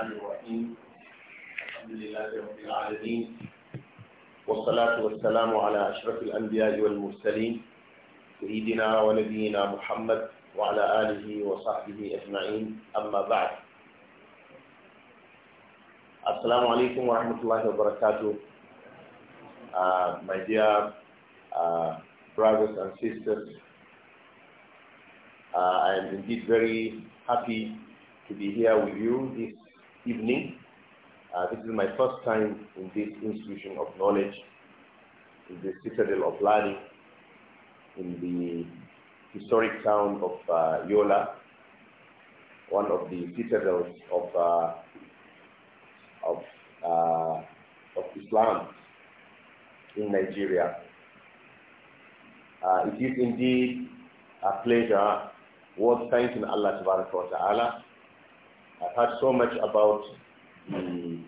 الرحمن الرحيم الحمد لله رب العالمين والصلاة والسلام على أشرف الأنبياء والمرسلين سيدنا ونبينا محمد وعلى آله وصحبه أجمعين أما بعد السلام عليكم ورحمة الله وبركاته uh, My dear uh, brothers and sisters Uh, I am indeed very happy to be here with you this evening. Uh, this is my first time in this institution of knowledge, in the citadel of learning, in the historic town of uh, Yola, one of the citadels of uh, of uh, of Islam in Nigeria. Uh, it is indeed a pleasure worth thanking Allah Subhanahu wa Taala I've heard so much about the,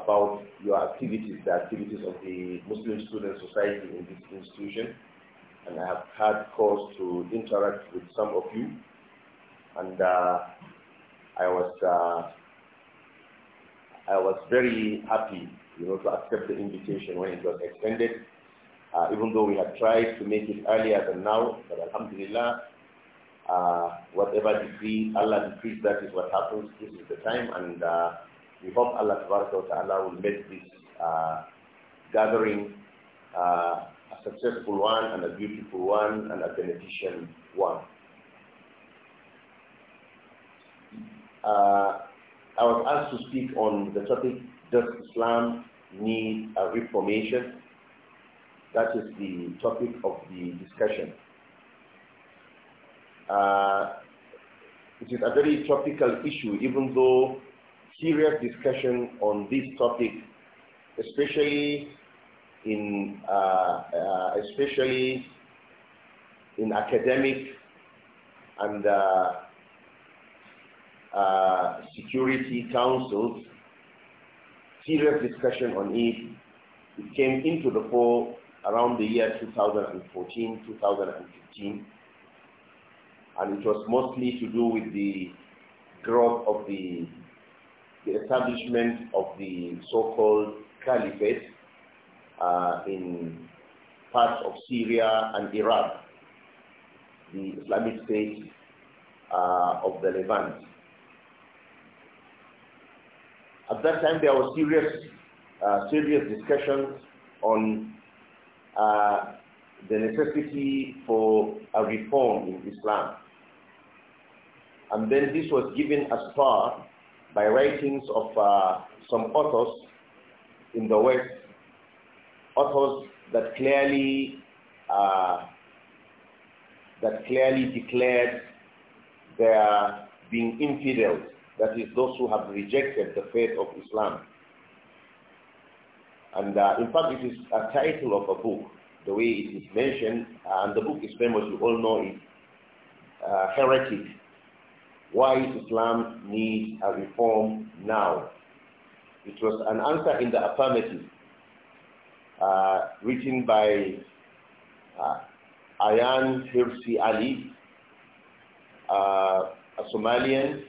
about your activities, the activities of the Muslim Student Society in this institution, and I have had calls to interact with some of you, and uh, I was uh, I was very happy, you know, to accept the invitation when it was extended. Uh, even though we had tried to make it earlier than now, but Alhamdulillah, uh, whatever decree Allah decrees, that is what happens. This is the time, and uh, we hope Allah Ta'ala will make this uh, gathering uh, a successful one, and a beautiful one, and a beneficial one. Uh, I was asked to speak on the topic, does Islam need a reformation? That is the topic of the discussion uh, it is a very topical issue, even though serious discussion on this topic, especially in uh, uh, especially in academic and uh, uh security councils, serious discussion on it. It came into the fore around the year 2014, 2015 and it was mostly to do with the growth of the, the establishment of the so-called caliphate uh, in parts of Syria and Iraq, the Islamic State uh, of the Levant. At that time, there were serious, uh, serious discussions on uh, the necessity for a reform in Islam and then this was given as far by writings of uh, some authors in the West, authors that clearly uh, that clearly declared are being infidels, that is those who have rejected the faith of Islam. And uh, in fact, it is a title of a book, the way it is mentioned, and the book is famous, you all know it, uh, Heretic why Islam needs a reform now. It was an answer in the affirmative uh, written by uh, Ayan Hirsi Ali, uh, a Somalian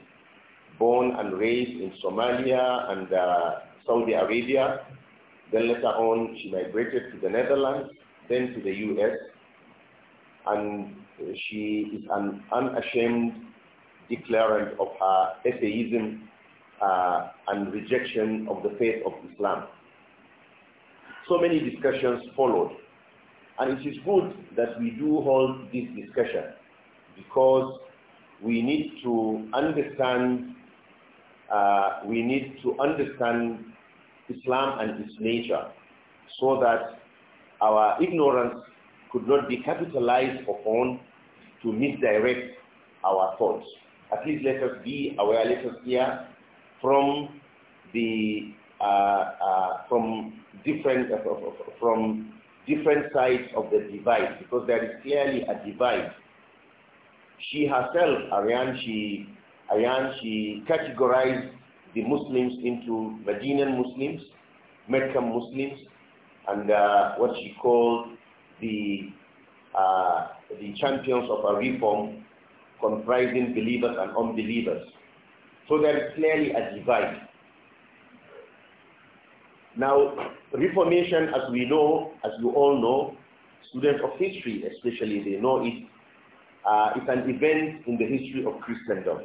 born and raised in Somalia and uh, Saudi Arabia. Then later on, she migrated to the Netherlands, then to the US. And she is an unashamed declarant of her atheism uh, and rejection of the faith of Islam. So many discussions followed. And it is good that we do hold this discussion because we need to understand uh, we need to understand Islam and its nature so that our ignorance could not be capitalized upon to misdirect our thoughts at least let us be aware, let us hear from the uh, uh, from different uh, from different sides of the divide because there is clearly a divide. She herself, Ariane, she Ariane, she categorized the Muslims into Medinan Muslims, Meccan Muslims, and uh, what she called the uh, the champions of a reform comprising believers and unbelievers. So there is clearly a divide. Now, Reformation, as we know, as you all know, students of history especially, they know it, uh, it's an event in the history of Christendom.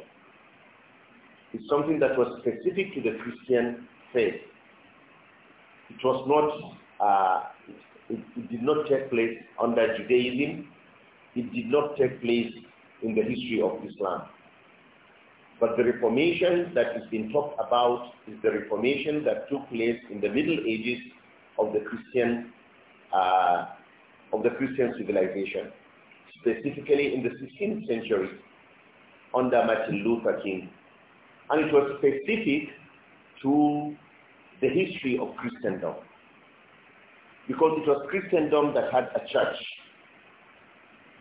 It's something that was specific to the Christian faith. It was not, uh, it, it did not take place under Judaism. It did not take place in the history of Islam. But the Reformation that is being talked about is the Reformation that took place in the Middle Ages of the Christian uh, of the Christian civilization, specifically in the 16th century under Martin Luther King, and it was specific to the history of Christendom because it was Christendom that had a church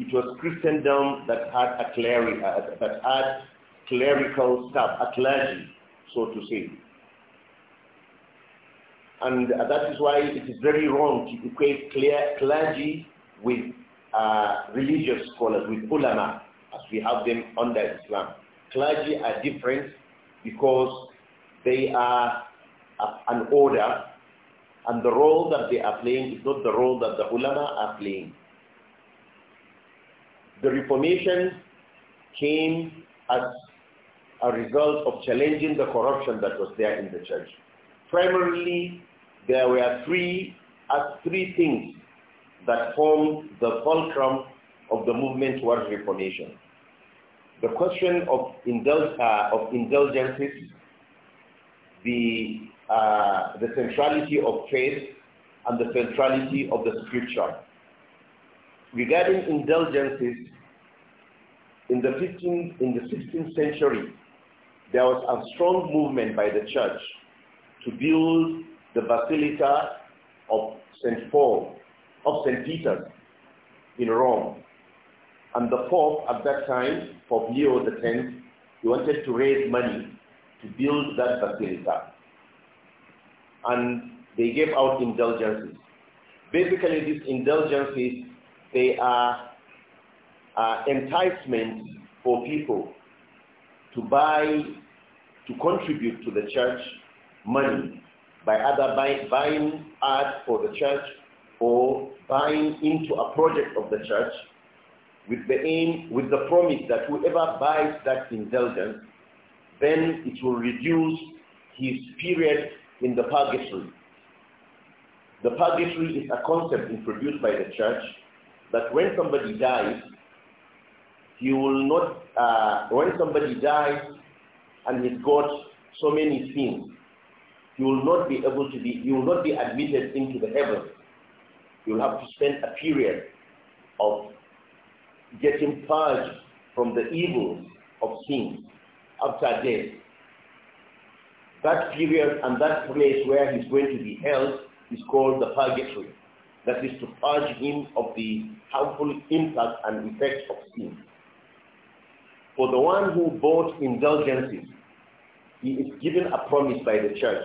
it was Christendom that had a uh, that had clerical staff, a clergy, so to say. And uh, that is why it is very wrong to equate clergy with uh, religious scholars, with ulama, as we have them under Islam. Clergy are different because they are an order and the role that they are playing is not the role that the ulama are playing. The Reformation came as a result of challenging the corruption that was there in the church. Primarily, there were three, uh, three things that formed the fulcrum of the movement towards Reformation. The question of, indul uh, of indulgences, the, uh, the centrality of faith, and the centrality of the scripture regarding indulgences, in the 15th, in the 16th century, there was a strong movement by the church to build the Basilica of St. Paul, of St. Peter in Rome. And the Pope at that time, Pope Leo X, he wanted to raise money to build that basilica. And they gave out indulgences. Basically, these indulgences they are uh, enticements for people to buy, to contribute to the church money by either buy, buying art for the church or buying into a project of the church with the aim, with the promise that whoever buys that indulgence, then it will reduce his period in the purgatory. The purgatory is a concept introduced by the church that when somebody dies, he will not, uh, when somebody dies and he's got so many sins, he will not be able to be, he will not be admitted into the heavens. He will have to spend a period of getting purged from the evils of sin after death. That period and that place where he's going to be held is called the purgatory. That is to purge him of the harmful impact and effects of sin. For the one who bought indulgences, he is given a promise by the church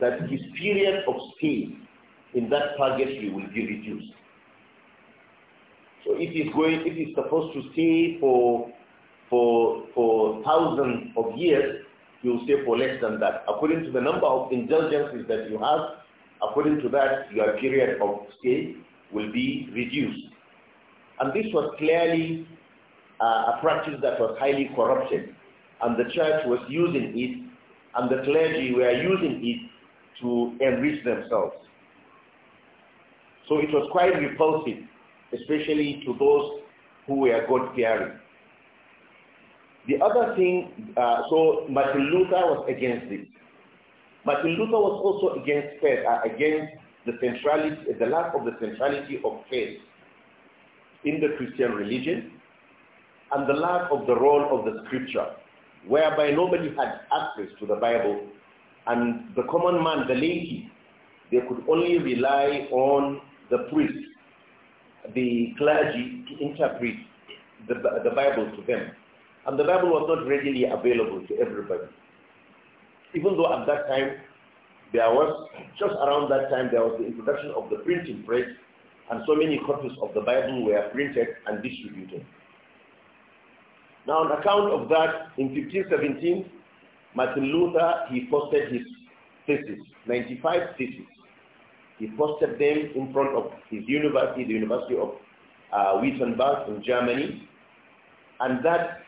that his period of stay in that purgatory will be reduced. So if going, supposed to stay for for for thousands of years, he will stay for less than that, according to the number of indulgences that you have According to that, your period of stay will be reduced. And this was clearly uh, a practice that was highly corrupted. And the church was using it, and the clergy were using it to enrich themselves. So it was quite repulsive, especially to those who were God-fearing. The other thing, uh, so Martin Luther was against this. Martin Luther was also against faith, uh, against the centrality, the lack of the centrality of faith in the Christian religion and the lack of the role of the scripture, whereby nobody had access to the Bible and the common man, the lady, they could only rely on the priest, the clergy to interpret the, the Bible to them. And the Bible was not readily available to everybody even though at that time there was, just around that time, there was the introduction of the printing press, and so many copies of the Bible were printed and distributed. Now, on account of that, in 1517, Martin Luther, he posted his theses, 95 theses. He posted them in front of his university, the University of uh, Wittenberg in Germany, and that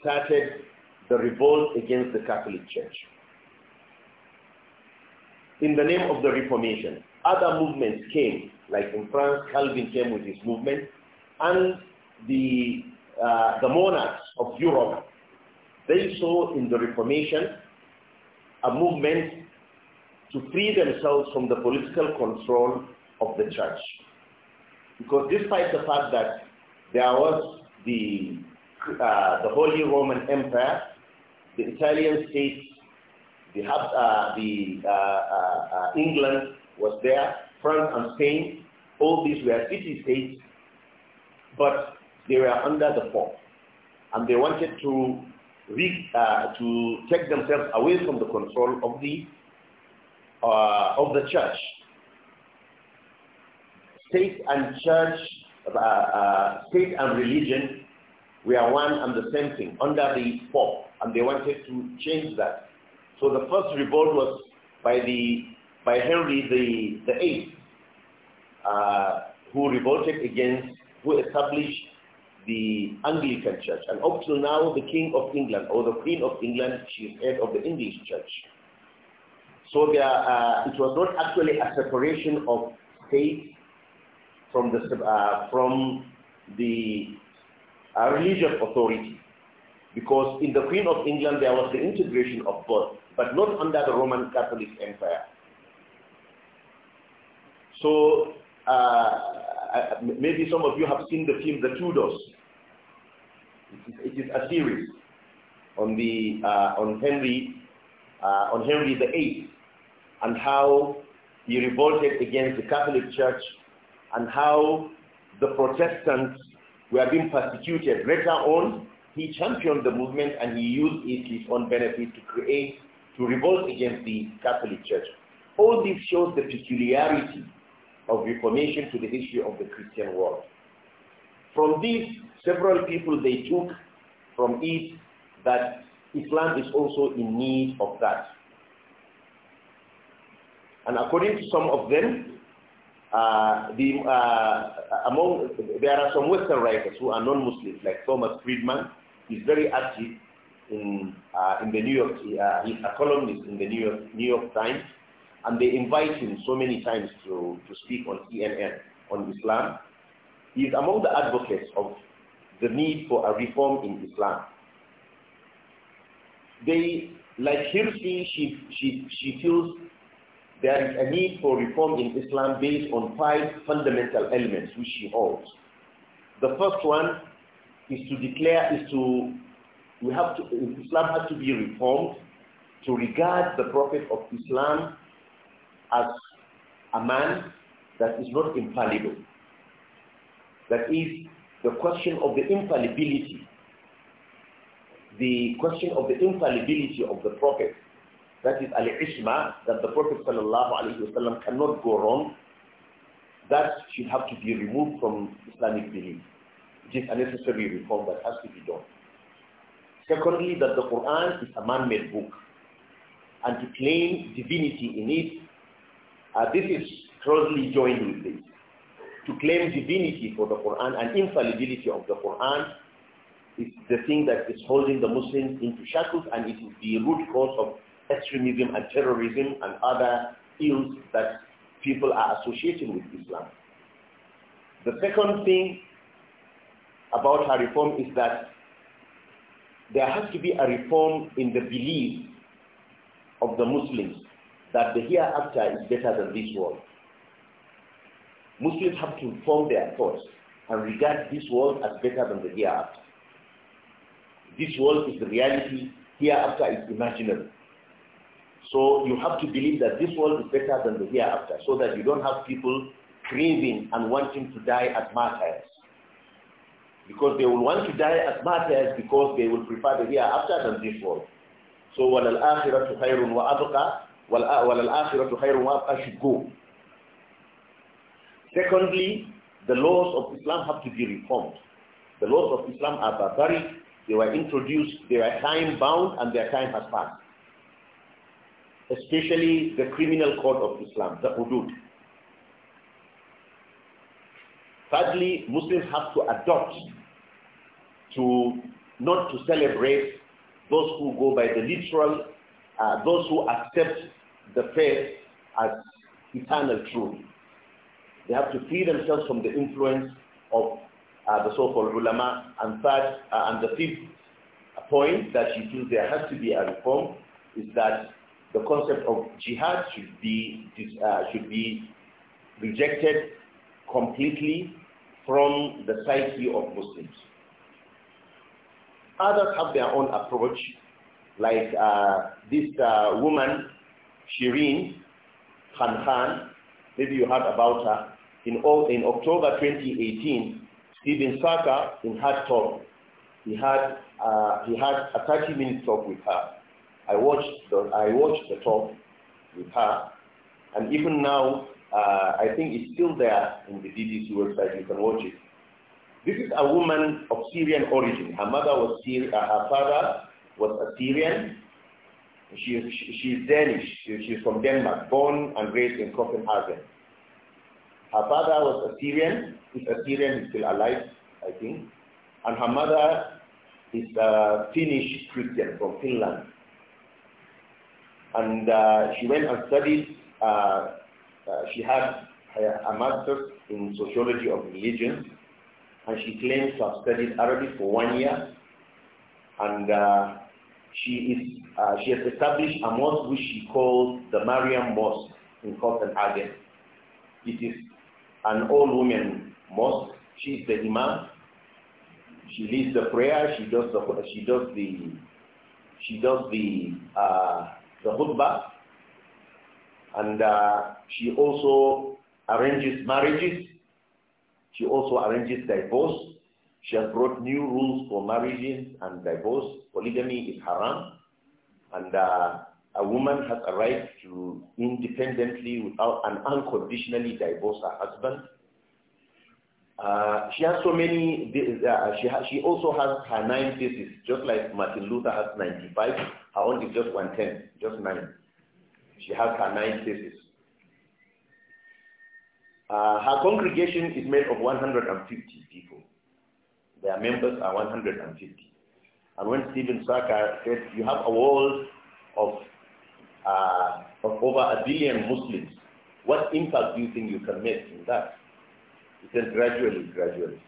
started the revolt against the Catholic Church in the name of the Reformation. Other movements came, like in France, Calvin came with his movement, and the, uh, the monarchs of Europe, they saw in the Reformation a movement to free themselves from the political control of the church. Because despite the fact that there was the, uh, the Holy Roman Empire, the Italian states uh, the, uh, the uh, uh, England was there, France and Spain. All these were city-states, but they were under the Pope, and they wanted to re, uh, to take themselves away from the control of the of the church. State and church, state and religion we are one and the same thing under the Pope, and they wanted to change that. So the first revolt was by the by Henry the the Eighth, uh, who revolted against who established the Anglican Church, and up till now the King of England or the Queen of England, she is head of the English Church. So there, uh, it was not actually a separation of state from the uh, from the uh, religious authority, because in the Queen of England there was the integration of both but not under the Roman Catholic Empire. So uh, maybe some of you have seen the film The Tudors. It is, it is a series on the uh, on Henry uh, on Henry the Eighth and how he revolted against the Catholic Church and how the Protestants were being persecuted. Later on, he championed the movement and he used it his own benefit to create to revolt against the Catholic Church. All this shows the peculiarity of Reformation to the history of the Christian world. From this, several people they took from it that Islam is also in need of that. And according to some of them, uh, the, uh, uh among, there are some Western writers who are non-Muslims, like Thomas Friedman, is very active in uh, in the New York. Uh, he's a columnist in the New York New York Times, and they invite him so many times to to speak on CNN on Islam. He is among the advocates of the need for a reform in Islam. They like Hirsi, she she she feels there is a need for reform in Islam based on five fundamental elements which she holds. The first one is to declare is to we have to, Islam had to be reformed to regard the Prophet of Islam as a man that is not infallible. That is the question of the infallibility. The question of the infallibility of the Prophet. That is al-ishma, that the Prophet wasallam cannot go wrong. That should have to be removed from Islamic belief. It is a necessary reform that has to be done. Secondly, that the Quran is a man-made book and to claim divinity in it, uh, this is closely joined with this. To claim divinity for the Quran and infallibility of the Quran is the thing that is holding the Muslims into shackles and it is the root cause of extremism and terrorism and other ills that people are associating with Islam. The second thing about her reform is that there has to be a reform in the belief of the Muslims that the hereafter is better than this world. Muslims have to form their thoughts and regard this world as better than the hereafter. This world is the reality, hereafter is imaginary. So you have to believe that this world is better than the hereafter so that you don't have people craving and wanting to die as martyrs because they will want to die as martyrs because they will prefer the hereafter than this world. So وَلَلْآخِرَةُ خَيْرٌ وَأَبْقَى وَلَلْآخِرَةُ خَيْرٌ وَأَبْقَى should go. Secondly, the laws of Islam have to be reformed. The laws of Islam are barbaric, they were introduced, they are time bound and their time has passed. Especially the criminal code of Islam, the hudud. Thirdly, Muslims have to adopt to not to celebrate those who go by the literal, uh, those who accept the faith as eternal truth. They have to free themselves from the influence of uh, the so-called ulama. And third, uh, and the fifth point that she feels there has to be a reform is that the concept of jihad should be uh, should be rejected completely from the psyche of Muslims. Others have their own approach, like uh, this uh, woman, Shireen Khan Khan, maybe you heard about her, in, in October 2018, Stephen Saka, in her talk, he had, uh, he had a 30-minute talk with her. I watched the, I watched the talk with her, and even now, uh, I think it's still there in the DDC website, you can watch it. This is a woman of Syrian origin. Her mother was Syrian, uh, her father was a Syrian. She is, she is Danish. She is from Denmark, born and raised in Copenhagen. Her father was a Syrian. He's a Syrian. He's still alive, I think. And her mother is a Finnish Christian from Finland. And uh, she went and studied. Uh, uh she had a, a master's in sociology of religion and she claims to have studied Arabic for one year, and uh, she is uh, she has established a mosque which she calls the Mariam Mosque in Copenhagen. It is an all-women mosque. She is the imam. She leads the prayer. She does the she does the she does the uh, the khutbah, and uh, she also arranges marriages she also arranges divorce. She has brought new rules for marriages and divorce. Polygamy is haram. And uh, a woman has a right to independently without and unconditionally divorce her husband. Uh, she has so many, uh, she, ha she also has her nine theses, just like Martin Luther has 95. Her own is just 110, just nine. She has her nine theses. Uh, her congregation is made of 150 people. Their members are 150. And when Stephen Saka said, you have a world of, uh, of over a billion Muslims, what impact do you think you can make in that? He said, gradually, gradually.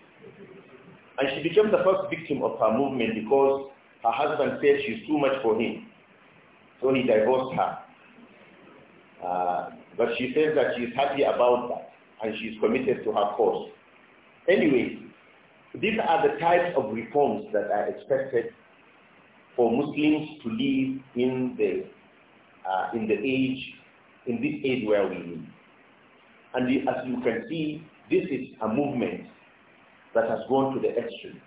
And she became the first victim of her movement because her husband said she's too much for him. So he divorced her. Uh, but she says that she's happy about that and she is committed to her cause. Anyway, these are the types of reforms that are expected for Muslims to live in the uh, in the age in this age where we live. And the, as you can see, this is a movement that has gone to the extreme.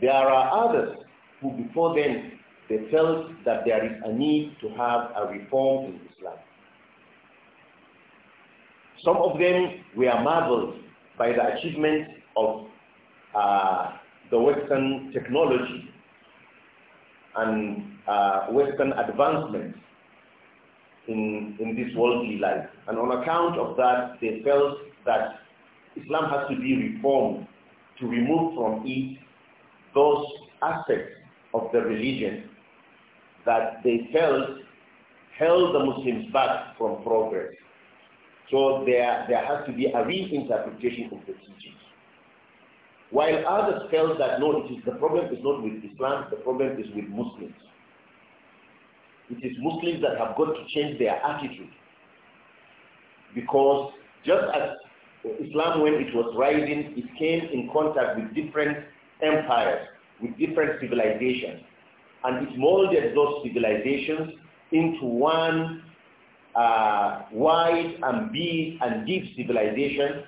There are others who before them they felt that there is a need to have a reform in Islam. Some of them were marveled by the achievements of uh, the Western technology and uh, Western advancements in, in this worldly life. And on account of that, they felt that Islam has to be reformed to remove from it those aspects of the religion that they felt held the Muslims back from progress. So there, there has to be a reinterpretation of the teachings. While others felt that no, it is, the problem is not with Islam, the problem is with Muslims. It is Muslims that have got to change their attitude. Because just as Islam, when it was rising, it came in contact with different empires, with different civilizations, and it molded those civilizations into one uh, wide and big and deep civilization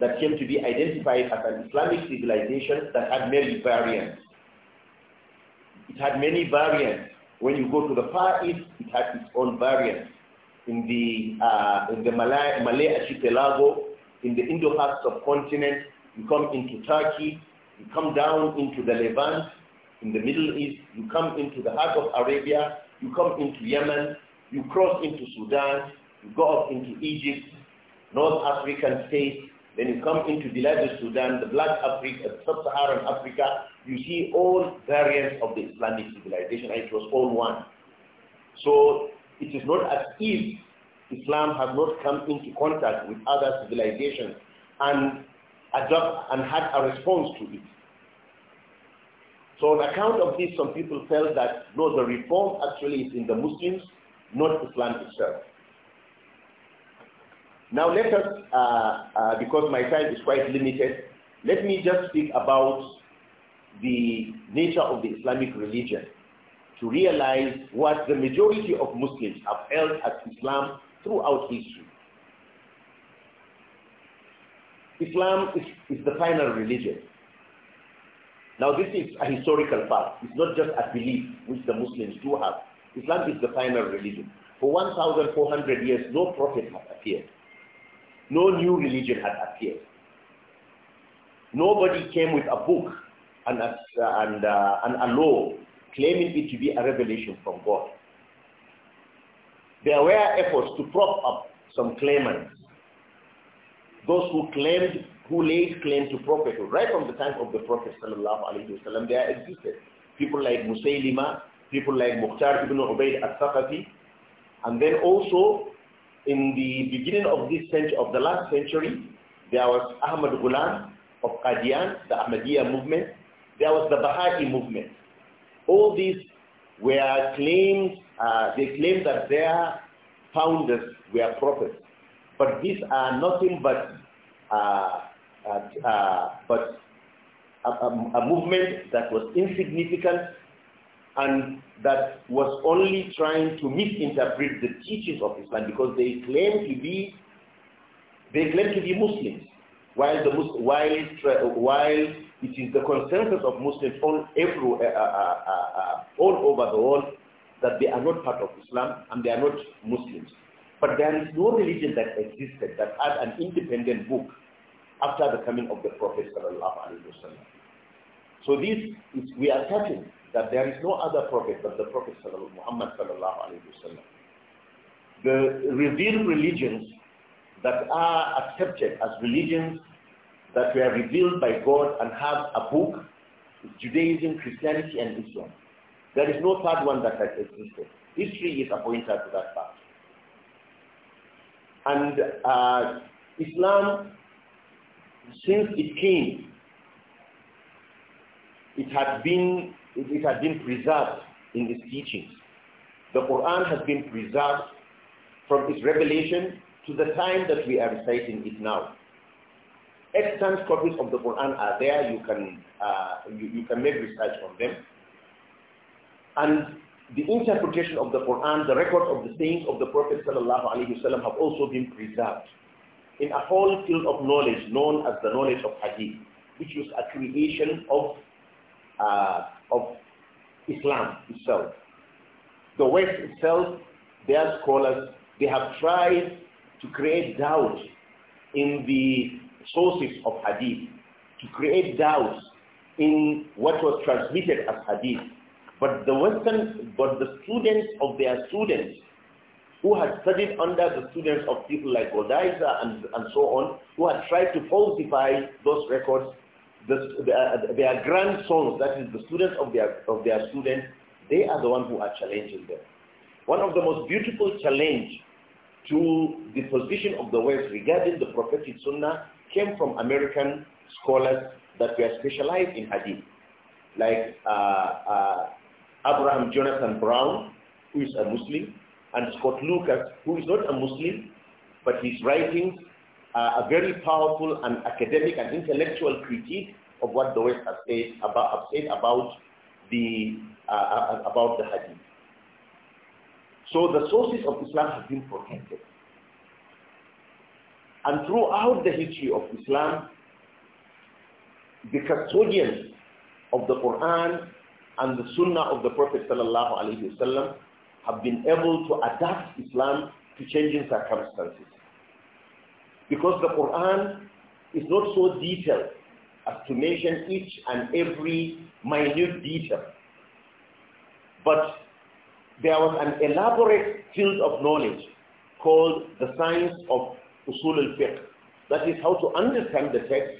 that came to be identified as an Islamic civilization that had many variants. It had many variants. When you go to the Far East, it had its own variants. In the, uh, in the Malay, Malay archipelago, in the Indo-Pak subcontinent, you come into Turkey, you come down into the Levant, in the Middle East, you come into the heart of Arabia, you come into Yemen, you cross into Sudan, you go up into Egypt, North African states, then you come into the larger Sudan, the Black Africa, Sub-Saharan Africa, you see all variants of the Islamic civilization, and it was all one. So it is not as if Islam has not come into contact with other civilizations and adopt and had a response to it. So on account of this, some people felt that no, the reform actually is in the Muslims not Islam itself. Now let us, uh, uh, because my time is quite limited, let me just speak about the nature of the Islamic religion to realize what the majority of Muslims have held as Islam throughout history. Islam is, is the final religion. Now this is a historical fact. It's not just a belief which the Muslims do have. Islam is the final religion. For 1,400 years, no prophet had appeared. No new religion had appeared. Nobody came with a book and a, and, uh, and a law claiming it to be a revelation from God. There were efforts to prop up some claimants, those who claimed, who laid claim to prophethood, right from the time of the Prophet there existed people like Musaylima, people like Mukhtar ibn Ubaid al-Thaqafi. And then also in the beginning of this century, of the last century, there was Ahmad Ghulam of Qadian, the Ahmadiyya movement. There was the Baha'i movement. All these were claimed, uh, they claimed that their founders were prophets. But these are nothing but, uh, uh, uh but a, a, a movement that was insignificant and that was only trying to misinterpret the teachings of Islam because they claim to be they claim to be Muslims, while the while while it is the consensus of Muslims all uh, uh, uh, uh, all over the world that they are not part of Islam and they are not Muslims. But there is no religion that existed that had an independent book after the coming of the Prophet sallallahu So this is we are certain that there is no other prophet but the Prophet Muhammad sallallahu alayhi wasallam. The revealed religions that are accepted as religions that were revealed by God and have a book is Judaism, Christianity, and Islam. There is no third one that has existed. History is a pointer to that fact. And uh, Islam, since it came, it had been it, it has been preserved in its teachings. The Quran has been preserved from its revelation to the time that we are reciting it now. Extant copies of the Quran are there. You can, uh, you, you can make research on them. And the interpretation of the Quran, the record of the sayings of the Prophet ﷺ have also been preserved in a whole field of knowledge known as the knowledge of hadith, which is a creation of uh, of Islam itself. The West itself, their scholars, they have tried to create doubt in the sources of hadith, to create doubts in what was transmitted as hadith. But the Western, but the students of their students who had studied under the students of people like Godaiza and, and so on, who had tried to falsify those records, the, uh, their grandsons, that is the students of their, of their students, they are the ones who are challenging them. One of the most beautiful challenge to the position of the West regarding the prophetic sunnah came from American scholars that were specialized in hadith, like uh, uh, Abraham Jonathan Brown, who is a Muslim, and Scott Lucas, who is not a Muslim, but his writings uh, a very powerful and academic and intellectual critique of what the West has said about, have said about the, uh, uh, about the Hadith. So the sources of Islam have been protected. And throughout the history of Islam, the custodians of the Quran and the Sunnah of the Prophet sallallahu have been able to adapt Islam to changing circumstances. Because the Quran is not so detailed as to mention each and every minute detail. But there was an elaborate field of knowledge called the science of usul al-fiqh. That is how to understand the text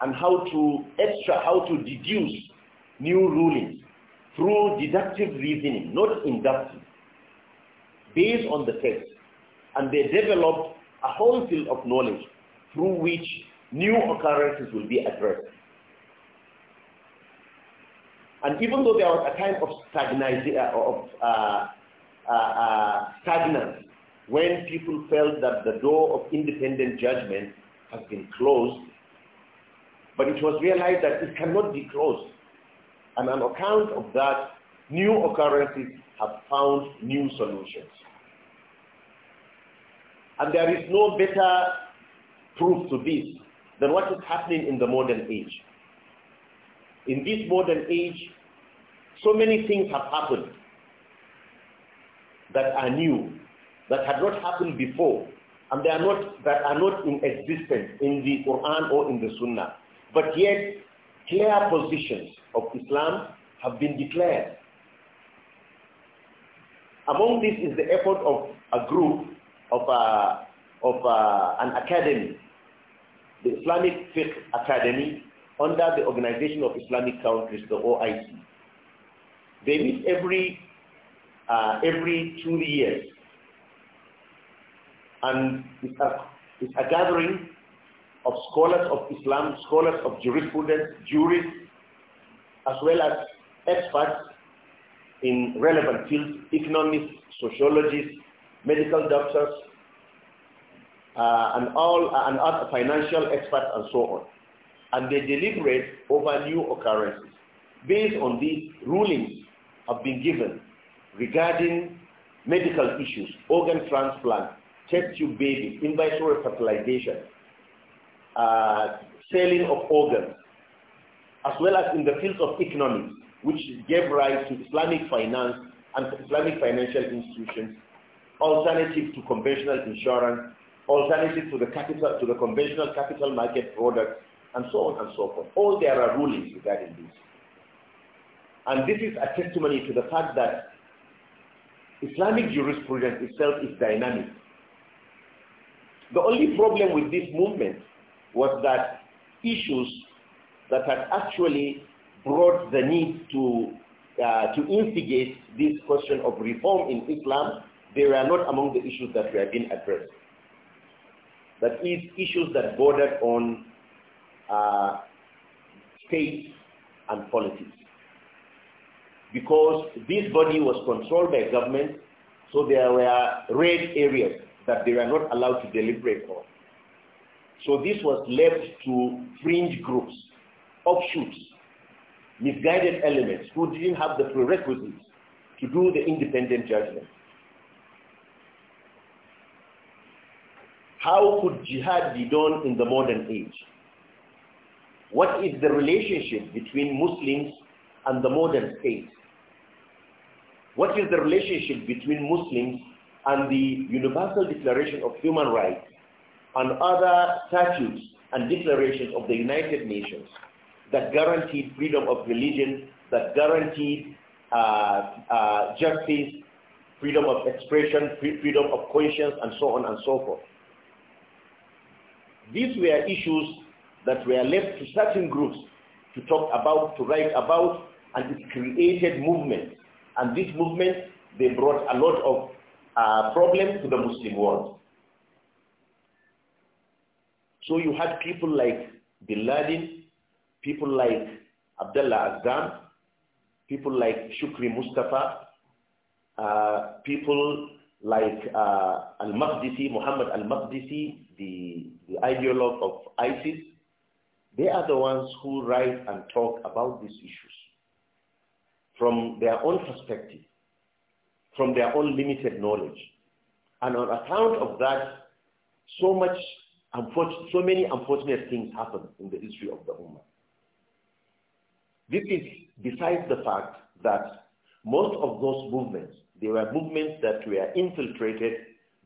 and how to extra, how to deduce new rulings through deductive reasoning, not inductive, based on the text. And they developed a whole field of knowledge through which new occurrences will be addressed. And even though there was a kind of, of uh, uh, uh, stagnance when people felt that the door of independent judgment has been closed, but it was realized that it cannot be closed. And on account of that, new occurrences have found new solutions. And there is no better proof to this than what is happening in the modern age. In this modern age, so many things have happened that are new, that had not happened before, and they are not, that are not in existence in the Quran or in the Sunnah. But yet, clear positions of Islam have been declared. Among these is the effort of a group of, a, uh, of a, uh, an academy, the Islamic Fiqh Academy, under the Organization of Islamic Countries, the OIC. They meet every, uh, every two years. And it's a, it's a gathering of scholars of Islam, scholars of jurisprudence, jurists, as well as experts in relevant fields, economists, sociologists, medical doctors, uh, and all uh, and other financial experts and so on. And they deliberate over new occurrences. Based on these rulings have been given regarding medical issues, organ transplant, test tube baby, in vitro fertilization, uh, selling of organs, as well as in the fields of economics, which gave rise to Islamic finance and Islamic financial institutions alternative to conventional insurance, alternative to the capital to the conventional capital market products, and so on and so forth. All there are rulings regarding this. And this is a testimony to the fact that Islamic jurisprudence itself is dynamic. The only problem with this movement was that issues that had actually brought the need to, uh, to instigate this question of reform in Islam they were not among the issues that were being addressed. That is, issues that bordered on uh, state and politics. Because this body was controlled by government, so there were red areas that they were not allowed to deliberate on. So this was left to fringe groups, offshoots, misguided elements who didn't have the prerequisites to do the independent judgment. How could jihad be done in the modern age? What is the relationship between Muslims and the modern state? What is the relationship between Muslims and the Universal Declaration of Human Rights and other statutes and declarations of the United Nations that guaranteed freedom of religion, that guaranteed uh, uh, justice, freedom of expression, freedom of conscience, and so on and so forth. These were issues that were left to certain groups to talk about, to write about, and it created movements. And these movements, they brought a lot of uh, problems to the Muslim world. So you had people like Bin Laden, people like Abdullah Azam, people like Shukri Mustafa, uh, people like uh, Al-Maqdisi, Muhammad Al-Maqdisi, the, the ideologue of ISIS, they are the ones who write and talk about these issues from their own perspective, from their own limited knowledge. And on account of that, so much, so many unfortunate things happen in the history of the Ummah. This is besides the fact that most of those movements there were movements that were infiltrated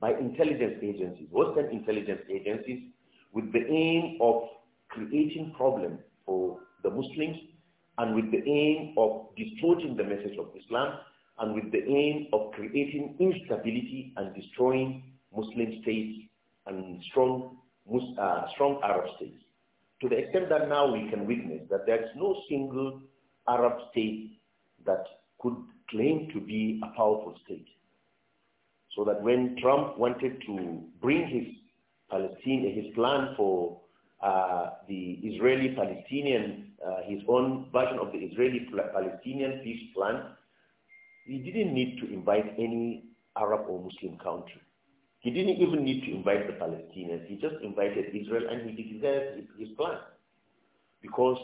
by intelligence agencies, Western intelligence agencies, with the aim of creating problems for the Muslims and with the aim of distorting the message of Islam and with the aim of creating instability and destroying Muslim states and strong, uh, strong Arab states. To the extent that now we can witness that there is no single Arab state that could claimed to be a powerful state. So that when Trump wanted to bring his Palestine, his plan for uh, the Israeli-Palestinian, uh, his own version of the Israeli-Palestinian peace plan, he didn't need to invite any Arab or Muslim country. He didn't even need to invite the Palestinians. He just invited Israel and he declared his plan. Because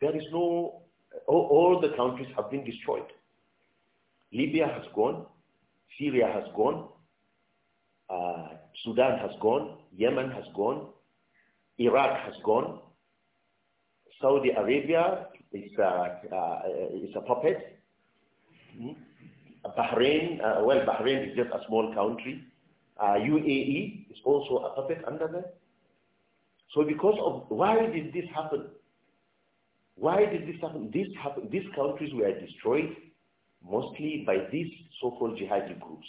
there is no, all, all the countries have been destroyed. Libya has gone, Syria has gone, uh, Sudan has gone, Yemen has gone, Iraq has gone, Saudi Arabia is, uh, uh is a puppet, hmm? Bahrain, uh, well, Bahrain is just a small country, UAE uh, is also a puppet under them. So because of, why did this happen? Why did this happen? This happen, these countries were destroyed mostly by these so-called jihadi groups.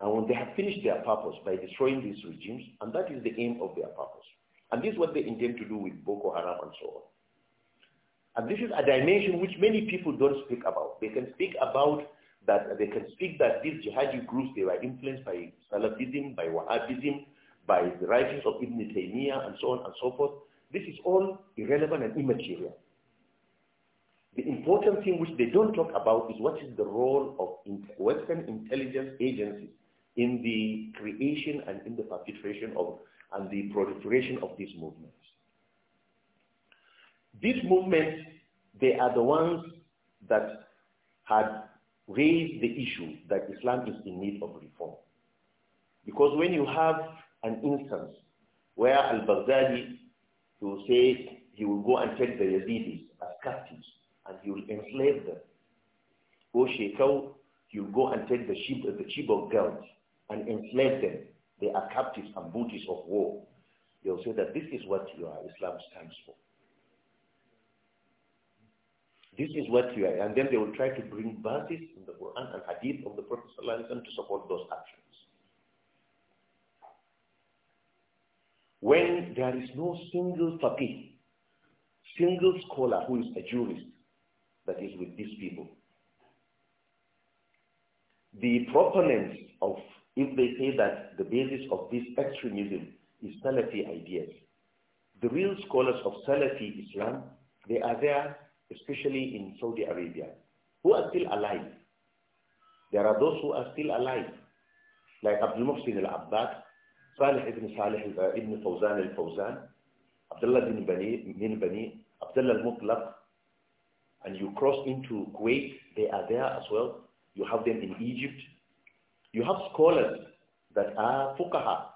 And when they have finished their purpose by destroying these regimes, and that is the aim of their purpose. And this is what they intend to do with Boko Haram and so on. And this is a dimension which many people don't speak about. They can speak about that, they can speak that these jihadi groups, they were influenced by Salafism, by Wahhabism, by the writings of Ibn Taymiyyah and so on and so forth. This is all irrelevant and immaterial. The important thing which they don't talk about is what is the role of Western intelligence agencies in the creation and in the perpetration of and the proliferation of these movements. These movements, they are the ones that had raised the issue that Islam is in need of reform. Because when you have an instance where al-Baghdadi will say he will go and take the Yazidis as captives and you will enslave them. Go Shekau, you go and take the sheep, the sheep of girls and enslave them. They are captives and booties of war. They will say that this is what your Islam stands for. This is what you are. And then they will try to bring verses in the Quran and hadith of the Prophet to support those actions. When there is no single faqih, single scholar who is a jurist, that is with these people. The proponents of, if they say that the basis of this extremism is Salafi ideas, the real scholars of Salafi Islam, they are there, especially in Saudi Arabia, who are still alive. There are those who are still alive, like Abdul Muhsin al-Abbad, Salih ibn Salih uh, ibn Fawzan al-Fawzan, Abdullah bin Bani, Bani Abdullah al-Mutlaq, and you cross into Kuwait, they are there as well. You have them in Egypt. You have scholars that are fuqaha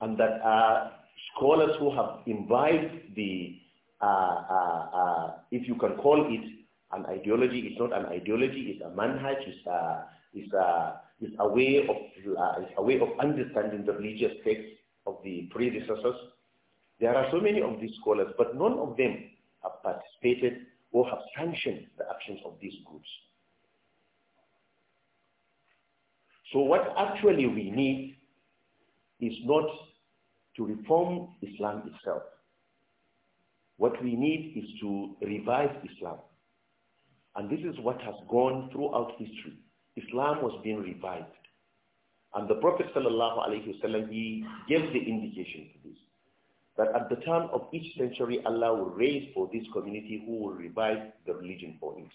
and that are scholars who have imbibed the, uh, uh, uh, if you can call it an ideology, it's not an ideology, it's a manhaj, it's a, it's a, it's a, way, of, uh, it's a way of understanding the religious texts of the predecessors. There are so many of these scholars, but none of them have participated or have sanctioned the actions of these groups. So what actually we need is not to reform Islam itself. What we need is to revive Islam. And this is what has gone throughout history. Islam was being revived. And the Prophet ﷺ, he gave the indication to this that at the turn of each century, Allah will raise for this community who will revive the religion for it.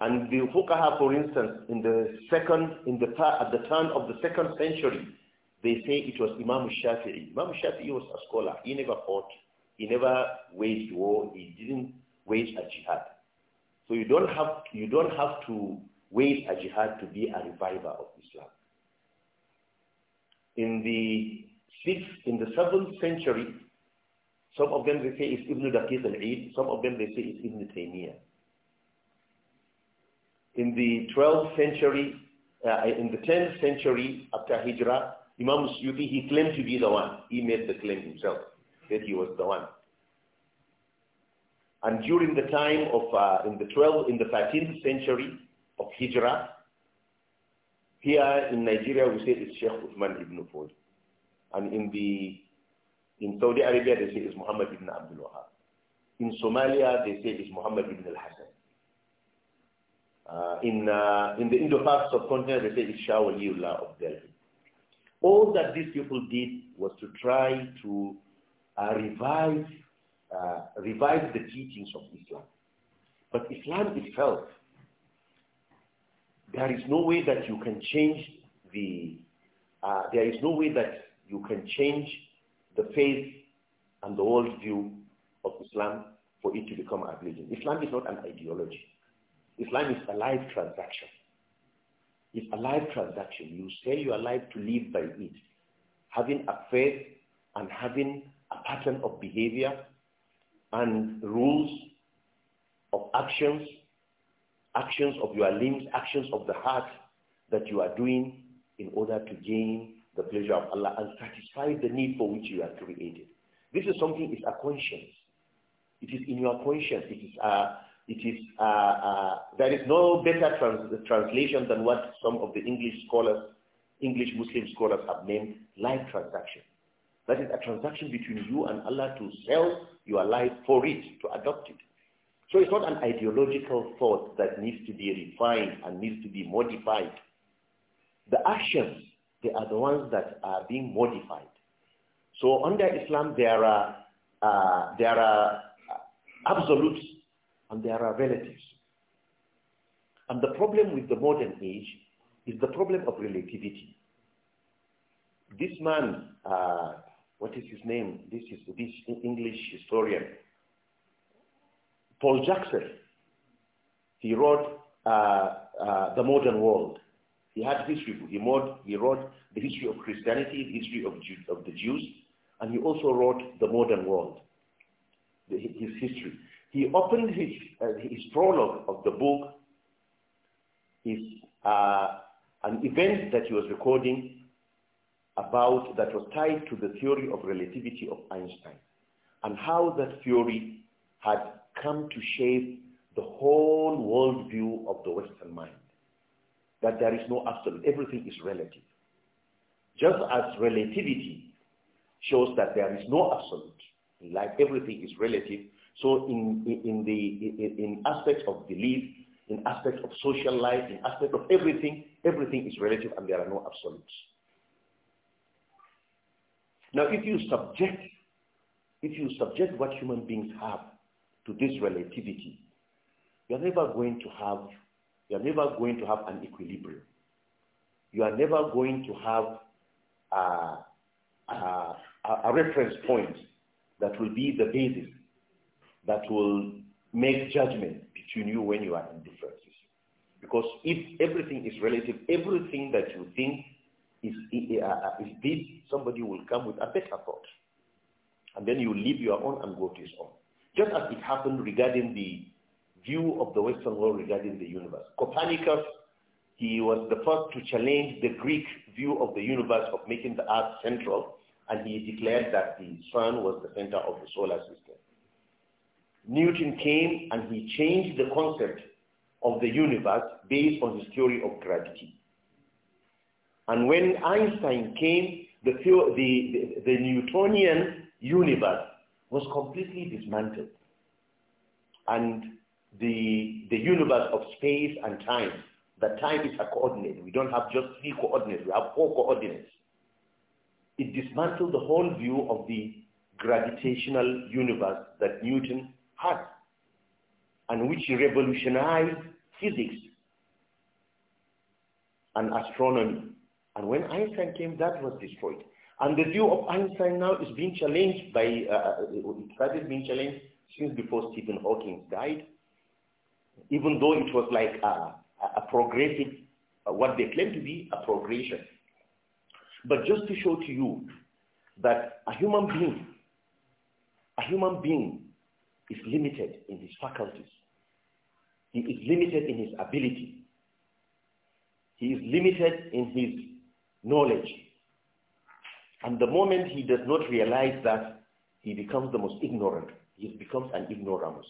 And the Fuqaha, for instance, in the second, in the, at the turn of the second century, they say it was Imam Shafi'i. Imam Shafi'i was a scholar. He never fought. He never waged war. He didn't wage a jihad. So you don't have, you don't have to wage a jihad to be a reviver of Islam. In the six in the seventh century. Some of them they say it's Ibn Daqiq al-Eid, some of them they say it's Ibn Taymiyyah. In the 12th century, uh, in the 10th century after Hijrah, Imam Suyuti, he claimed to be the one. He made the claim himself that he was the one. And during the time of, uh, in the 12th, in the 13th century of Hijrah, here in Nigeria we say it's Sheikh Uthman ibn Fodi. And in the in Saudi Arabia, they say it's Muhammad ibn Abdul Wahab. In Somalia, they say it's Muhammad ibn al-Hassan. Uh, in, uh, in the indo pacific subcontinent, they say it's Shah Waliullah of Delhi. All that these people did was to try to uh, revive, uh, revive the teachings of Islam. But Islam itself, there is no way that you can change the, uh, there is no way that you can change the faith and the world view of Islam for it to become a religion. Islam is not an ideology. Islam is a life transaction. It's a life transaction. You sell your life to live by it. Having a faith and having a pattern of behavior and rules of actions, actions of your limbs, actions of the heart that you are doing in order to gain the pleasure of Allah and satisfy the need for which you are created. This is something, it's a conscience. It is in your conscience. It is, uh, it is, uh, uh, there is no better trans translation than what some of the English scholars, English Muslim scholars have named life transaction. That is a transaction between you and Allah to sell your life for it, to adopt it. So it's not an ideological thought that needs to be refined and needs to be modified. The actions they are the ones that are being modified. So under Islam, there are, uh, there are absolutes and there are relatives. And the problem with the modern age is the problem of relativity. This man, uh, what is his name? This is this English historian, Paul Jackson. He wrote uh, uh, The Modern World. He had history. He wrote, he wrote the history of Christianity, the history of, Jew, of the Jews, and he also wrote the modern world, the, his history. He opened his, uh, his prologue of the book, his, uh, an event that he was recording about that was tied to the theory of relativity of Einstein and how that theory had come to shape the whole worldview of the Western mind that there is no absolute. Everything is relative. Just as relativity shows that there is no absolute. In life, everything is relative. So in, in, the, in aspects of belief, in aspects of social life, in aspects of everything, everything is relative and there are no absolutes. Now if you subject, if you subject what human beings have to this relativity, you're never going to have you are never going to have an equilibrium. You are never going to have a, a, a reference point that will be the basis that will make judgment between you when you are in differences. Because if everything is relative, everything that you think is, uh, is this, somebody will come with a better thought. And then you leave your own and go to his own. Just as it happened regarding the view of the Western world regarding the universe. Copernicus, he was the first to challenge the Greek view of the universe of making the earth central, and he declared that the sun was the center of the solar system. Newton came and he changed the concept of the universe based on his theory of gravity. And when Einstein came, the, the, the, the Newtonian universe was completely dismantled. And the, the universe of space and time. That time is a coordinate. We don't have just three coordinates. We have four coordinates. It dismantled the whole view of the gravitational universe that Newton had and which revolutionized physics and astronomy. And when Einstein came, that was destroyed. And the view of Einstein now is being challenged by, uh, it started being challenged since before Stephen Hawking died even though it was like a, a progressive, uh, what they claim to be a progression. But just to show to you that a human being, a human being is limited in his faculties. He is limited in his ability. He is limited in his knowledge. And the moment he does not realize that, he becomes the most ignorant. He becomes an ignoramus.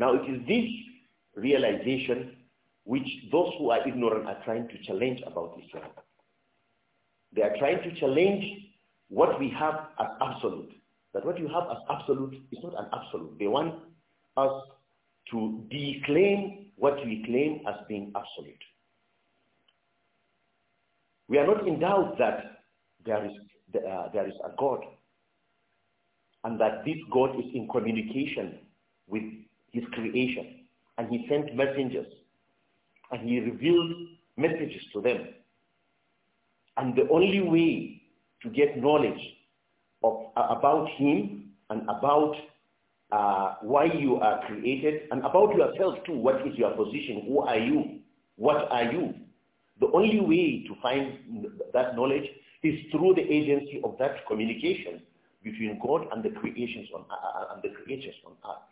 Now it is this realization which those who are ignorant are trying to challenge about Islam. They are trying to challenge what we have as absolute. That what you have as absolute is not an absolute. They want us to declaim what we claim as being absolute. We are not in doubt that there is, uh, there is a God and that this God is in communication with his creation. And he sent messengers. And he revealed messages to them. And the only way to get knowledge of, uh, about him and about uh, why you are created and about yourself too, what is your position, who are you, what are you. The only way to find that knowledge is through the agency of that communication between God and the creations on, uh, uh and the creatures on earth.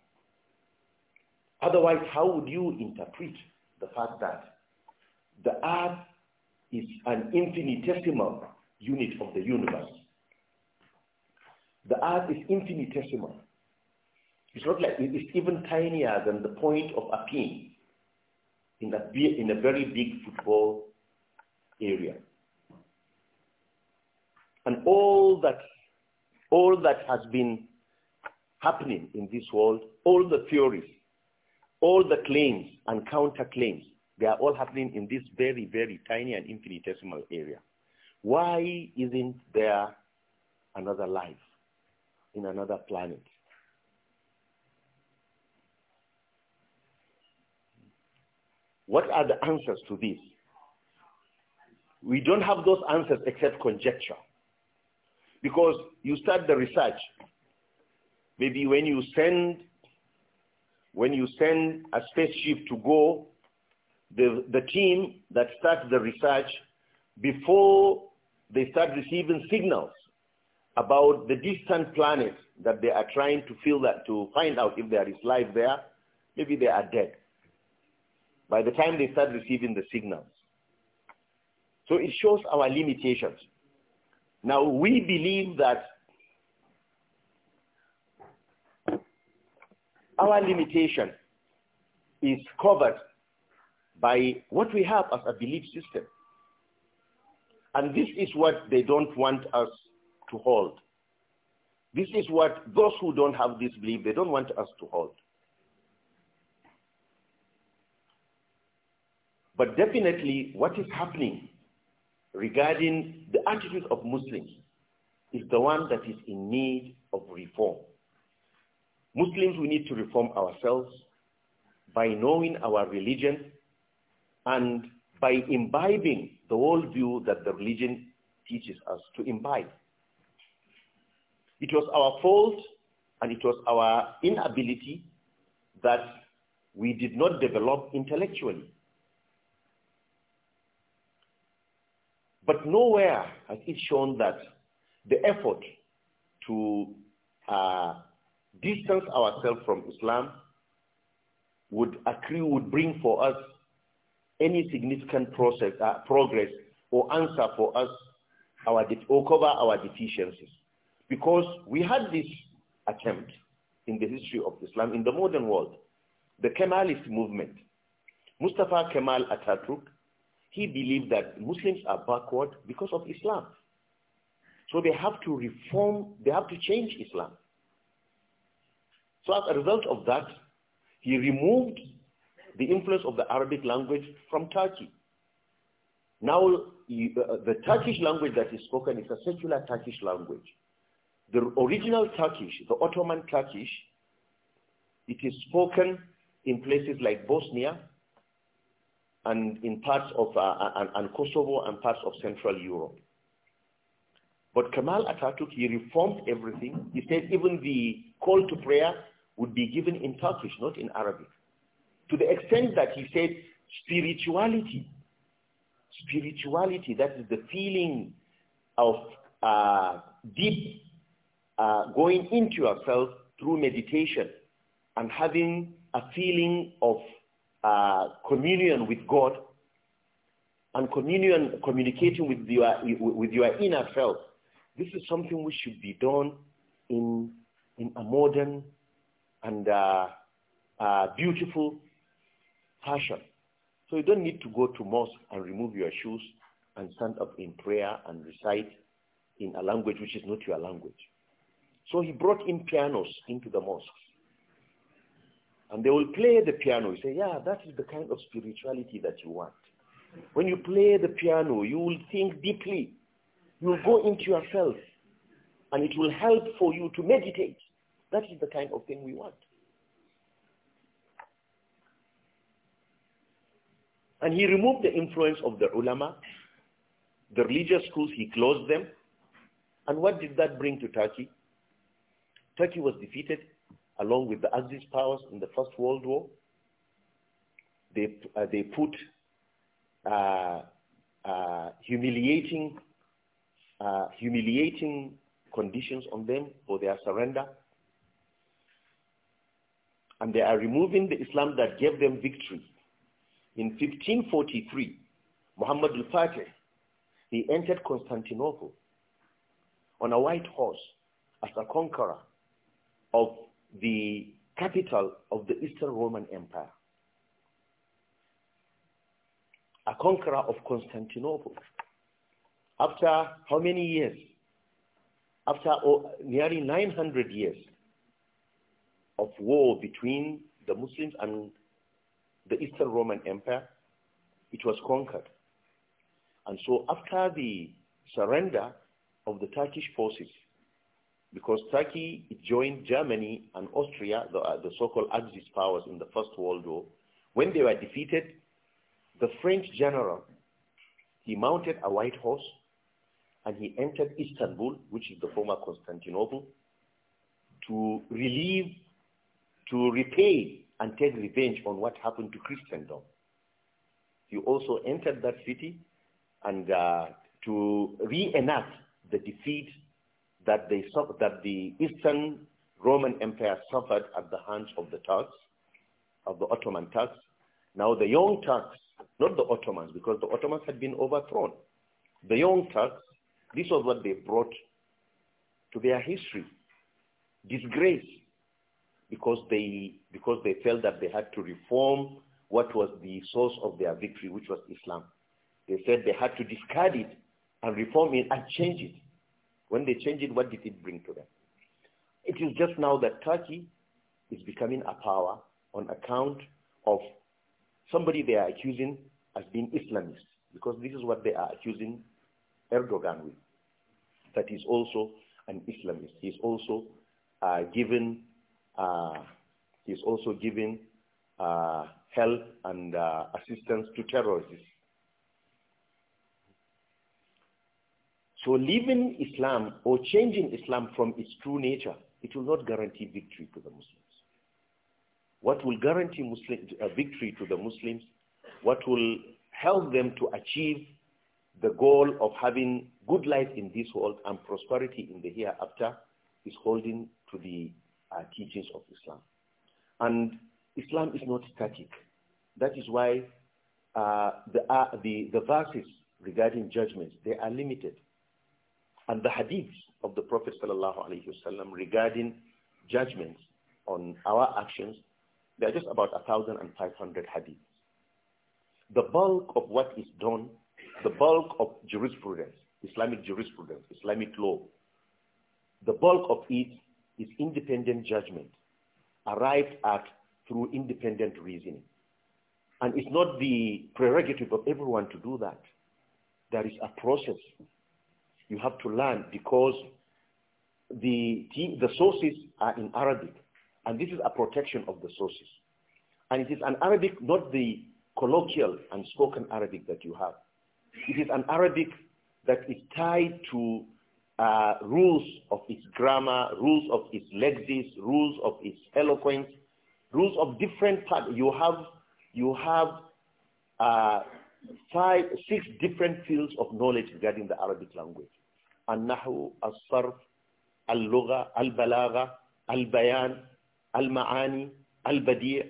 Otherwise, how would you interpret the fact that the earth is an infinitesimal unit of the universe? The earth is infinitesimal. It's not like it's even tinier than the point of a pin in a, in a very big football area. And all that, all that has been happening in this world, all the theories all the claims and counterclaims, they are all happening in this very, very tiny and infinitesimal area. Why isn't there another life in another planet? What are the answers to this? We don't have those answers except conjecture. Because you start the research. Maybe when you send when you send a spaceship to go, the, the team that starts the research, before they start receiving signals about the distant planets that they are trying to feel that, to find out if there is life there, maybe they are dead. By the time they start receiving the signals. So it shows our limitations. Now we believe that our limitation is covered by what we have as a belief system. And this is what they don't want us to hold. This is what those who don't have this belief, they don't want us to hold. But definitely what is happening regarding the attitude of Muslims is the one that is in need of reform. Muslims, we need to reform ourselves by knowing our religion and by imbibing the worldview that the religion teaches us to imbibe. It was our fault and it was our inability that we did not develop intellectually. But nowhere has it shown that the effort to uh, distance ourselves from Islam would accrue, would bring for us any significant process, uh, progress or answer for us our or cover our deficiencies. Because we had this attempt in the history of Islam in the modern world, the Kemalist movement. Mustafa Kemal Atatürk, he believed that Muslims are backward because of Islam. So they have to reform, they have to change Islam. So as a result of that, he removed the influence of the Arabic language from Turkey. Now uh, uh, the Turkish language that is spoken is a secular Turkish language. The original Turkish, the Ottoman Turkish, it is spoken in places like Bosnia and in parts of uh, uh and, and Kosovo and parts of Central Europe. But Kemal Atatürk, he reformed everything. He said even the call to prayer would be given in Turkish, not in Arabic. To the extent that he said spirituality, spirituality, that is the feeling of uh, deep uh, going into yourself through meditation and having a feeling of uh, communion with God and communion, communicating with your, with your inner self. This is something which should be done in, in a modern and uh, uh, beautiful fashion. So you don't need to go to mosque and remove your shoes and stand up in prayer and recite in a language which is not your language. So he brought in pianos into the mosques. And they will play the piano. You say, yeah, that is the kind of spirituality that you want. When you play the piano, you will think deeply. You will go into yourself. And it will help for you to meditate. That is the kind of thing we want. And he removed the influence of the ulama, the religious schools, he closed them. And what did that bring to Turkey? Turkey was defeated along with the Axis powers in the First World War. They, uh, they put uh, uh, humiliating, uh, humiliating conditions on them for their surrender and they are removing the Islam that gave them victory. In 1543, Muhammad al-Fatih, he entered Constantinople on a white horse as a conqueror of the capital of the Eastern Roman Empire. A conqueror of Constantinople. After how many years? After oh, nearly 900 years, of war between the Muslims and the Eastern Roman Empire, it was conquered. And so after the surrender of the Turkish forces, because Turkey joined Germany and Austria, the, uh, the so-called Axis powers in the First World War, when they were defeated, the French general, he mounted a white horse and he entered Istanbul, which is the former Constantinople, to relieve to repay and take revenge on what happened to Christendom. you also entered that city and uh, to reenact the defeat that, they, that the Eastern Roman Empire suffered at the hands of the Turks, of the Ottoman Turks. Now the young Turks, not the Ottomans, because the Ottomans had been overthrown. The young Turks, this was what they brought to their history. Disgrace, because they, because they felt that they had to reform what was the source of their victory, which was Islam. They said they had to discard it and reform it and change it. When they changed it, what did it bring to them? It is just now that Turkey is becoming a power on account of somebody they are accusing as being Islamist, because this is what they are accusing Erdogan with. That is also an Islamist. He's also uh, given uh, he's also giving uh, help and uh, assistance to terrorists. So leaving Islam or changing Islam from its true nature, it will not guarantee victory to the Muslims. What will guarantee Muslim, uh, victory to the Muslims, what will help them to achieve the goal of having good life in this world and prosperity in the hereafter is holding to the are teachings of Islam. And Islam is not static. That is why uh, the, uh, the, the verses regarding judgments, they are limited. And the hadiths of the Prophet wasallam regarding judgments on our actions, there are just about 1,500 hadiths. The bulk of what is done, the bulk of jurisprudence, Islamic jurisprudence, Islamic law, the bulk of it is independent judgment arrived at through independent reasoning. And it's not the prerogative of everyone to do that. There is a process you have to learn because the, the sources are in Arabic. And this is a protection of the sources. And it is an Arabic, not the colloquial and spoken Arabic that you have. It is an Arabic that is tied to uh, rules of its grammar, rules of its lexis, rules of its eloquence, rules of different parts. You have, you have uh, five, six different fields of knowledge regarding the Arabic language. النحو, الصرف, اللغة, البلاغة, البيان, المعاني, البديع,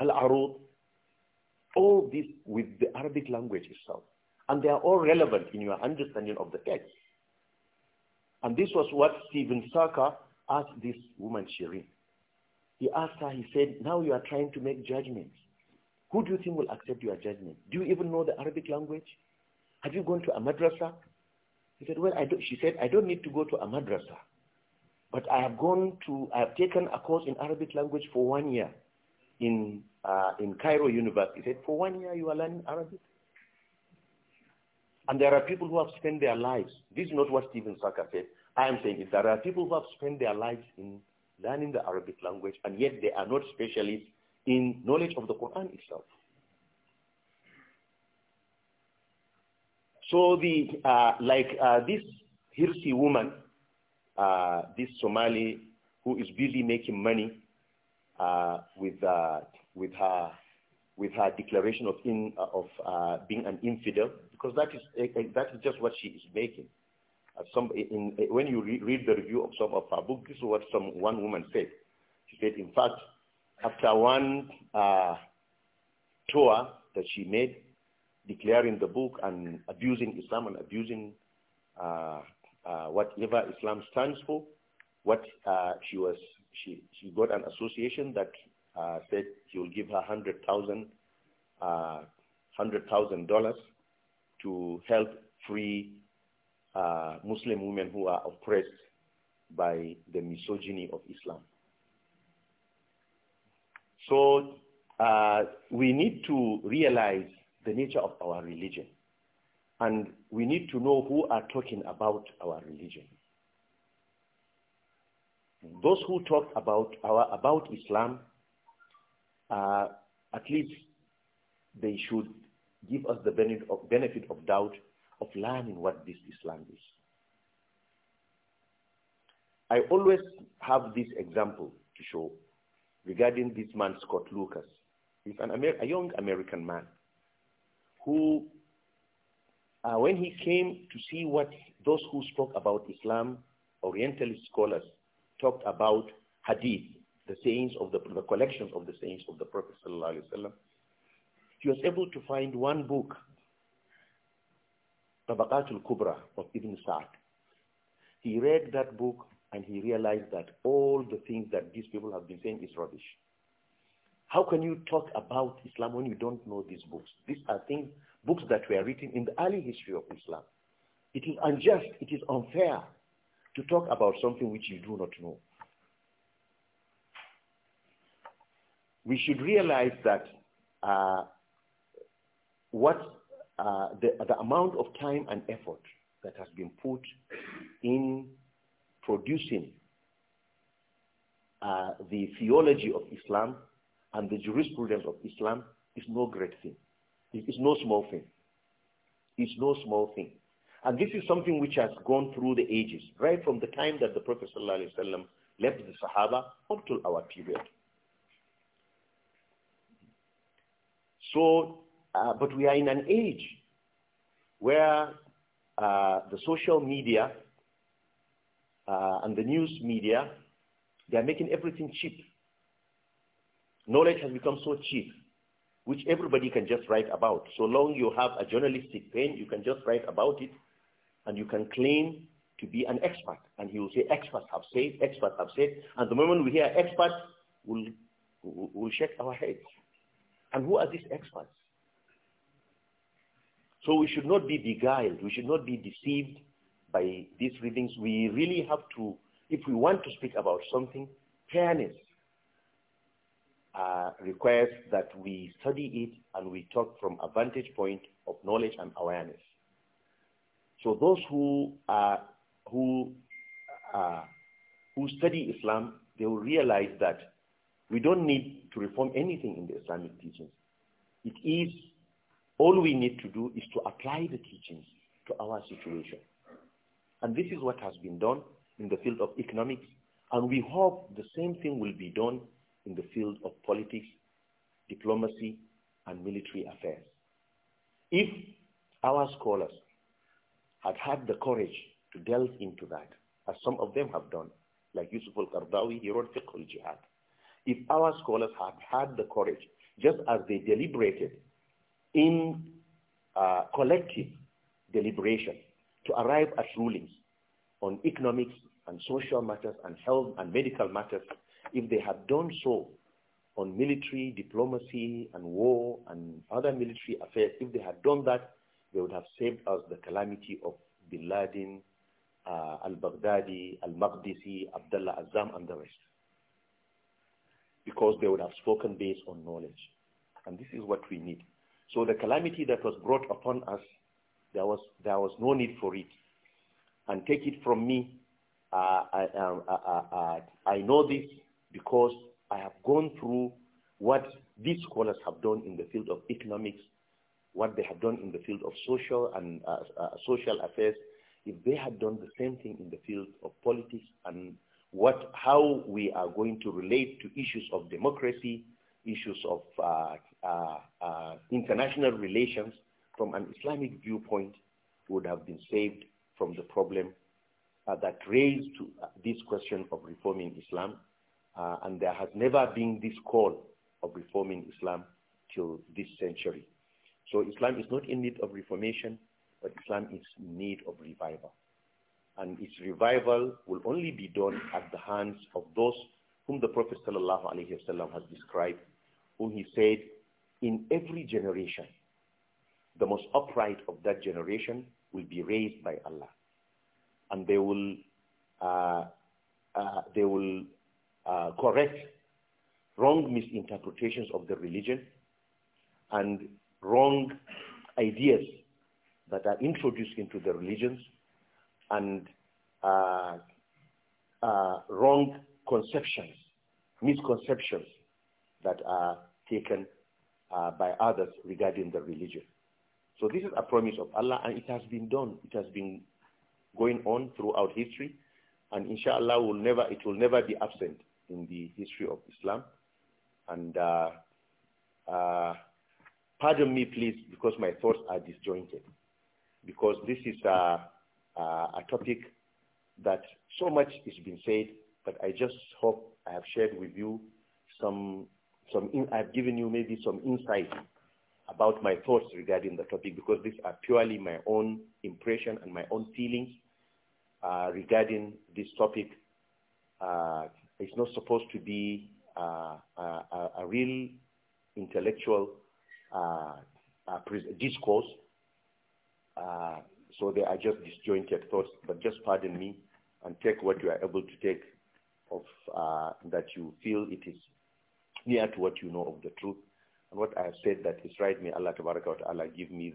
العروض. All this with the Arabic language itself. And they are all relevant in your understanding of the text. And this was what Stephen Saka asked this woman, Shireen. He asked her, he said, now you are trying to make judgments. Who do you think will accept your judgment? Do you even know the Arabic language? Have you gone to a madrasa? He said, well, I don't, she said, I don't need to go to a madrasa. But I have gone to, I have taken a course in Arabic language for one year in, uh, in Cairo University. He said, for one year you are learning Arabic? And there are people who have spent their lives. This is not what Stephen Saka said. I am saying is that there are people who have spent their lives in learning the Arabic language, and yet they are not specialists in knowledge of the Quran itself. So the uh, like uh, this Hirsi woman, uh, this Somali who is busy making money uh, with uh, with her with her declaration of in, of uh, being an infidel, because that is eh, eh, that is just what she is making some, in, when you re read the review of some of our books, this is what some one woman said. She said, in fact, after one uh, tour that she made, declaring the book and abusing Islam and abusing uh, uh, whatever Islam stands for, what uh, she was, she, she got an association that uh, said she will give her hundred thousand, uh, hundred thousand dollars to help free uh, Muslim women who are oppressed by the misogyny of Islam. So uh, we need to realize the nature of our religion. And we need to know who are talking about our religion. Those who talk about, our, about Islam, uh, at least they should give us the benefit of, benefit of doubt of learning what this Islam is. I always have this example to show regarding this man, Scott Lucas. He's an Amer a young American man who, uh, when he came to see what those who spoke about Islam, Orientalist scholars, talked about hadith, the sayings of the, the collections of the sayings of the Prophet he was able to find one book al Kubra of Ibn Sa'd. He read that book and he realized that all the things that these people have been saying is rubbish. How can you talk about Islam when you don't know these books? These are things, books that were written in the early history of Islam. It is unjust, it is unfair to talk about something which you do not know. We should realize that uh, what uh, the, the amount of time and effort that has been put in producing uh, the theology of Islam and the jurisprudence of Islam is no great thing. It's no small thing. It's no small thing. And this is something which has gone through the ages, right from the time that the Prophet ﷺ left the Sahaba up to our period. So uh, but we are in an age where uh, the social media uh, and the news media, they are making everything cheap. Knowledge has become so cheap, which everybody can just write about. So long you have a journalistic pen, you can just write about it, and you can claim to be an expert. And he will say, experts have said, experts have said. And the moment we hear experts, we'll, we'll shake our heads. And who are these experts? So we should not be beguiled. We should not be deceived by these readings. We really have to, if we want to speak about something, fairness uh, requires that we study it and we talk from a vantage point of knowledge and awareness. So those who who uh, who study Islam, they will realize that we don't need to reform anything in the Islamic teachings. It is all we need to do is to apply the teachings to our situation. And this is what has been done in the field of economics. And we hope the same thing will be done in the field of politics, diplomacy, and military affairs. If our scholars had had the courage to delve into that, as some of them have done, like Yusuf al-Qardawi, he wrote Fiqh al-Jihad. If our scholars had had the courage, just as they deliberated in uh, collective deliberation to arrive at rulings on economics and social matters and health and medical matters if they had done so on military diplomacy and war and other military affairs, if they had done that, they would have saved us the calamity of Bin Laden, uh, al-Baghdadi, al-Maqdisi, Abdullah Azam, and the rest. Because they would have spoken based on knowledge. And this is what we need. So the calamity that was brought upon us, there was, there was no need for it. And take it from me, uh, I, uh, uh, uh, I know this because I have gone through what these scholars have done in the field of economics, what they have done in the field of social and uh, uh, social affairs. If they had done the same thing in the field of politics and what, how we are going to relate to issues of democracy, issues of uh, uh, uh, international relations from an Islamic viewpoint would have been saved from the problem uh, that raised to, uh, this question of reforming Islam. Uh, and there has never been this call of reforming Islam till this century. So Islam is not in need of reformation, but Islam is in need of revival. And its revival will only be done at the hands of those whom the Prophet ﷺ has described, whom he said, in every generation, the most upright of that generation will be raised by Allah. And they will, uh, uh, they will uh, correct wrong misinterpretations of the religion and wrong ideas that are introduced into the religions and uh, uh, wrong conceptions, misconceptions that are taken uh, by others regarding the religion. So this is a promise of Allah, and it has been done. It has been going on throughout history, and inshallah, will never, it will never be absent in the history of Islam. And uh, uh, pardon me, please, because my thoughts are disjointed, because this is a, a, a topic that so much has been said, but I just hope I have shared with you some some in, I've given you maybe some insight about my thoughts regarding the topic because these are purely my own impression and my own feelings uh, regarding this topic. Uh, it's not supposed to be uh, a, a, real intellectual uh, discourse. Uh, so they are just disjointed thoughts, but just pardon me and take what you are able to take of uh, that you feel it is near to what you know of the truth. And what I have said that is right, may Allah wa ta'ala give me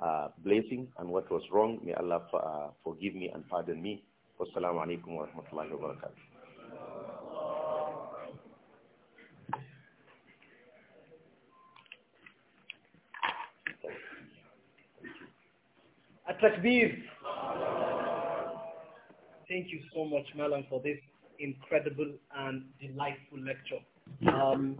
the uh, blessing. And what was wrong, may Allah uh, forgive me and pardon me. Wassalamu alaikum wa rahmatullahi wa barakatuh. Takbir. Thank you so much, Malam, for this incredible and delightful lecture. Um,